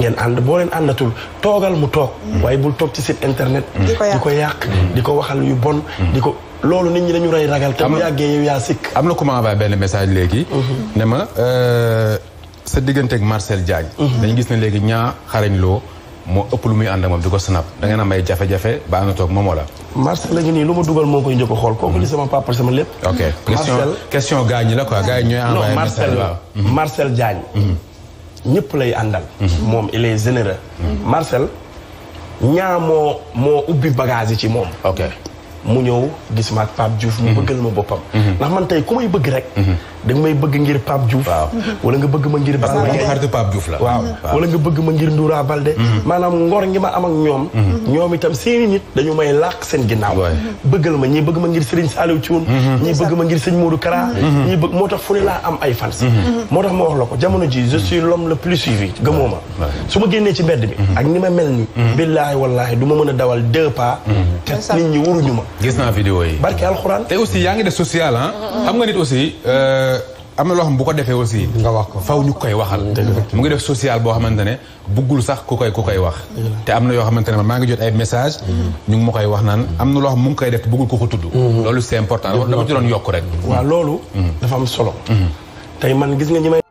ngeen ànd boo leen àndatul toogal mu toog. waaye bul toog ci site internet. di ko yàq di ko yàq di ko waxal yu bon. di ko loolu nit ñi dañu rey ragal. te bu yàggee yow yaa sikk. am na ku ma envoyé benn message léegi. Mhm. ne ma euh, sa digganteeg Marcel Diagne. Mhm. dañu gis ne léegi ñaa xarañ loo moo ëpp lu muy ànd ak moom di ko snap da ngeen am jafe-jafe ba ànd toog moom wala. Marcel la nii lu ma dugal moo koy njëkk xool kooku li mhm. sama papa sama lépp. ok question question gars ñi la quoi gars yi ñooy. envoyé message waaw non Marcel Marcel ñëpp lay àndal. moom il est généreux. Mm-hmm. Marcel ñaa moo ubbi bagage yi ci moom. ok mu ñëw gis ma ak Pape Diouf mu mhm. bëggal ma boppam mhm. ndax man tey ku may bëgg rek mhm. da may bëgg ngir Pape Diouf wala nga bëgg ma ngir Balla Gaye xaritu Pape Diouf la waaw wala bëgg ma ngir Ndoura Balde maanaam ngor ngi ma am ak ñoom ñoom itam seeni nit dañu may làq seen ginnaaw bëggal ma ñii bëgg ma ngir Serigne Saliou Thioune ñii bëgg ma ngir Serigne Modou Kara ñii bëgg moo tax fu ne laa am ay fans moo tax ma wax la ko jamono ji je suis l'homme le plus suivi gëmoo ma su ma génnee ci mbedd bi ak ni ma mel ni billaahi wallaahi du ma mën a dawal deux pas kat nit ñi waruñu ma. gis naa vidéo yi. barke alxuraan. te aussi yaa ngi def social ah. nga nit aussi. Euh, am na loo xam bu ko defee aussi. nga wax ko faw ñu koy waxal. mu ngi def sociale boo xamante ne buggul sax ku koy ku koy wax. te am na yoo xamante ne man maa ngi jot ay message mm-hmm. ñu ngi ma koy wax naan am na loo xam mu ngi koy def te buggul ko ko tudd. Mm-hmm. loolu c'est important dama ci doon yokk rek. waa loolu. Mm-hmm. dafa am solo. tey man gis nga ñi may